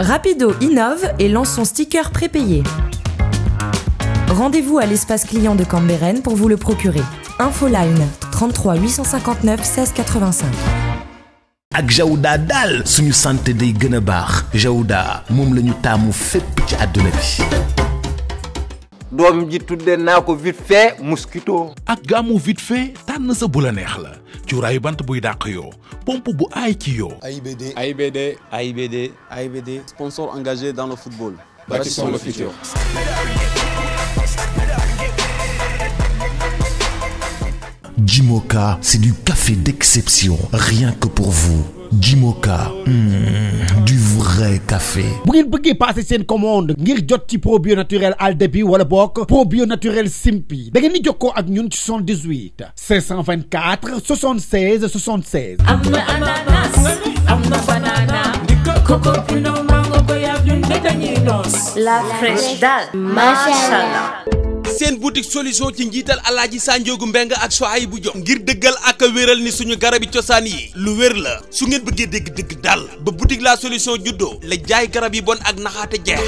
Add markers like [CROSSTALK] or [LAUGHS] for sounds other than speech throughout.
Rapido innove et lance son sticker prépayé. Rendez-vous à l'espace client de Cambéren pour vous le procurer. Info Line 33 859 16 85. ak Jaouda dal suñu santé day gëna Jaouda mom lañu tamu fepp ci aduna bi. dom ji tudde na ko vite fait mosquito. ak gamu vite fait t'as sa bu la neex la ray bant buy pompe bu AIBD AIBD AIBD AIBD sponsor engagé dans le football. Bâtissons le futur. Jimoka, c'est du café d'exception, rien que pour vous. Jimoka hmm. du vrai café bu ngeen passer passé une commande ngir pas ci probio naturel aldebi wala bokk probio naturel simpi da ngeen di jokkoo ak ñun 524 76 76 ananas banana mango de la fraîche dalle, mashallah seen boutique solution ci njiital alhaji sanjogu mbeng ak soay bu jox ngir deugal ak wéral ni suñu garabi ciosan yi lu wér la su ngeen bëggee dégg dëgg dal ba boutique la solution juddo la jaay garab yi bon ak naxaata jeex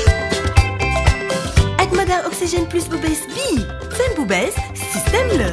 ak magal oxygène plus bu bees bi seen bu bees système la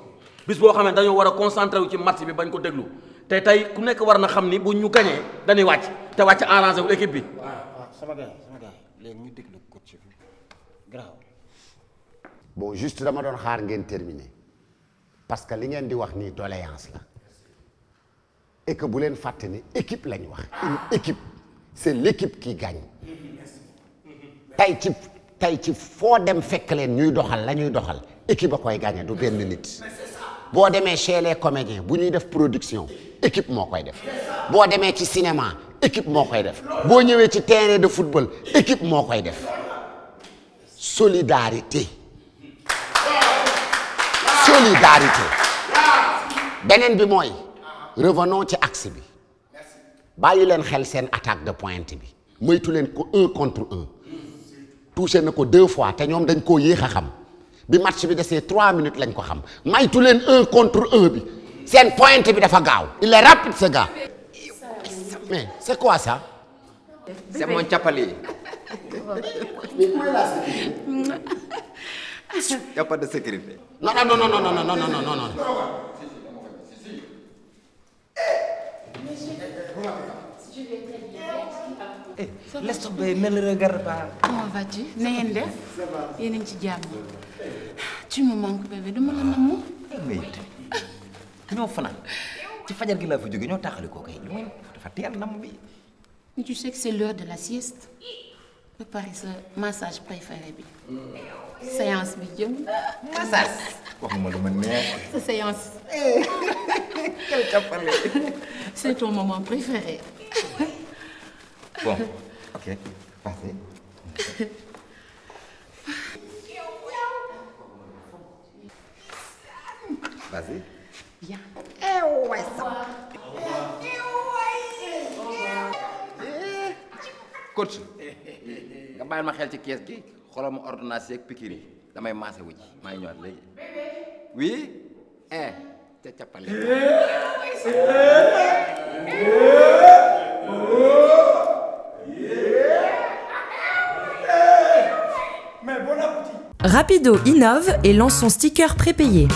bis bo xamné dañu wara match bi ko déglu ku bu ñu dañuy wu équipe bi. sama gars sama gars bon juste dama doon xaar ngeen terminer parce que li ngeen di wax ni doléance la et que bu len faté ni équipe lañ wax une équipe C'est l'équipe qui gagne tay ci tay ci fo dem fekk len ñuy doxal la doxal équipe du si vous chez les comédiens bu production équipe mo koy def bo ci cinéma équipe koy def bo ñëwé terrain de football équipe mo koy def solidarité solidarité Benen bi revenons ci axe bi vous len xel sen attaque de pointe bi moytu len ko un contre un touché nako deux fois té ñom dañ bi match bi trois minutes un contre un il est rapide ce gars mais c'est quoi ça c'est mon [LAUGHS] Il n'y a pas de sécurité non non non non non non non non non Eh, laisse tomber ne le regarde pas. comment vas-tu na ngeen def yéen a ngi ci jàmm. tu me manques bébé dama la namm. ñoo fanaan ci fajar gi laa fa jógee ñoo taxali koo kay mooy dafa teel namm bi. mais tu sais que c'est l'heure de la sieste. préparer sa massage préféré bi. séance bi jëm. massage. waxuma lu ma neex. sa séance. Eh, [LAUGHS] quel tapalé. c'est ton moment préféré. [LAUGHS] Bom, ok. Passei. Vas-y. Viens. Eh ouais, ça. coach nga bàyyil ma xel é kees gi xoolal ma ordonnance yeeg piqûre yi damay maase wu é maa é ñëwaat léegi oui eh ca cappale Rapido innove et lance son sticker prépayé.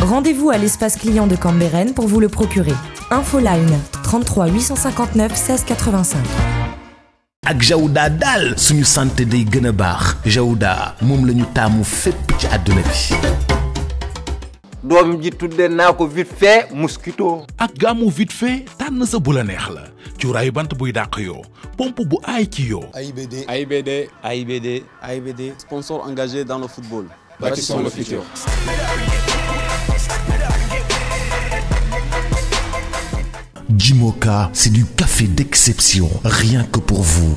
Rendez-vous à l'espace client de Cambérène pour vous le procurer. Infoline 33 859 16 85. ak Jaouda Dal, suñu santé day gëna Jauda, baax Jaouda mom la ñu taamu ci aduna bi. doom ji tudde vite fait mosquito. ak gamu vite fait tan sa bu la neex la cuuraayu bant buy dàq yoo pompe bu aay ci yoo. AIBD AIBD AIBD AIBD sponsor engagé dans le football. Bâtissons le futur. Jimoka, c'est du café d'exception, rien que pour vous.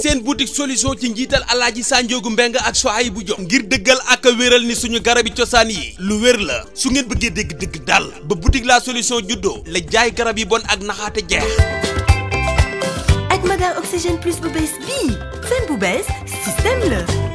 seen boutique solution ci njiital alaaji sanjoogu mbeng ak soaay bu jox ngir dëggal ak wéral ni suñu garabi cosaan yi lu wér la su ngeen bëggee dégg dëgg dal ba boutique la solution juddoo la jaay garab yi bon ak naxaate jeex ak magaan oxygène plus bu bees bii seen bu bees système la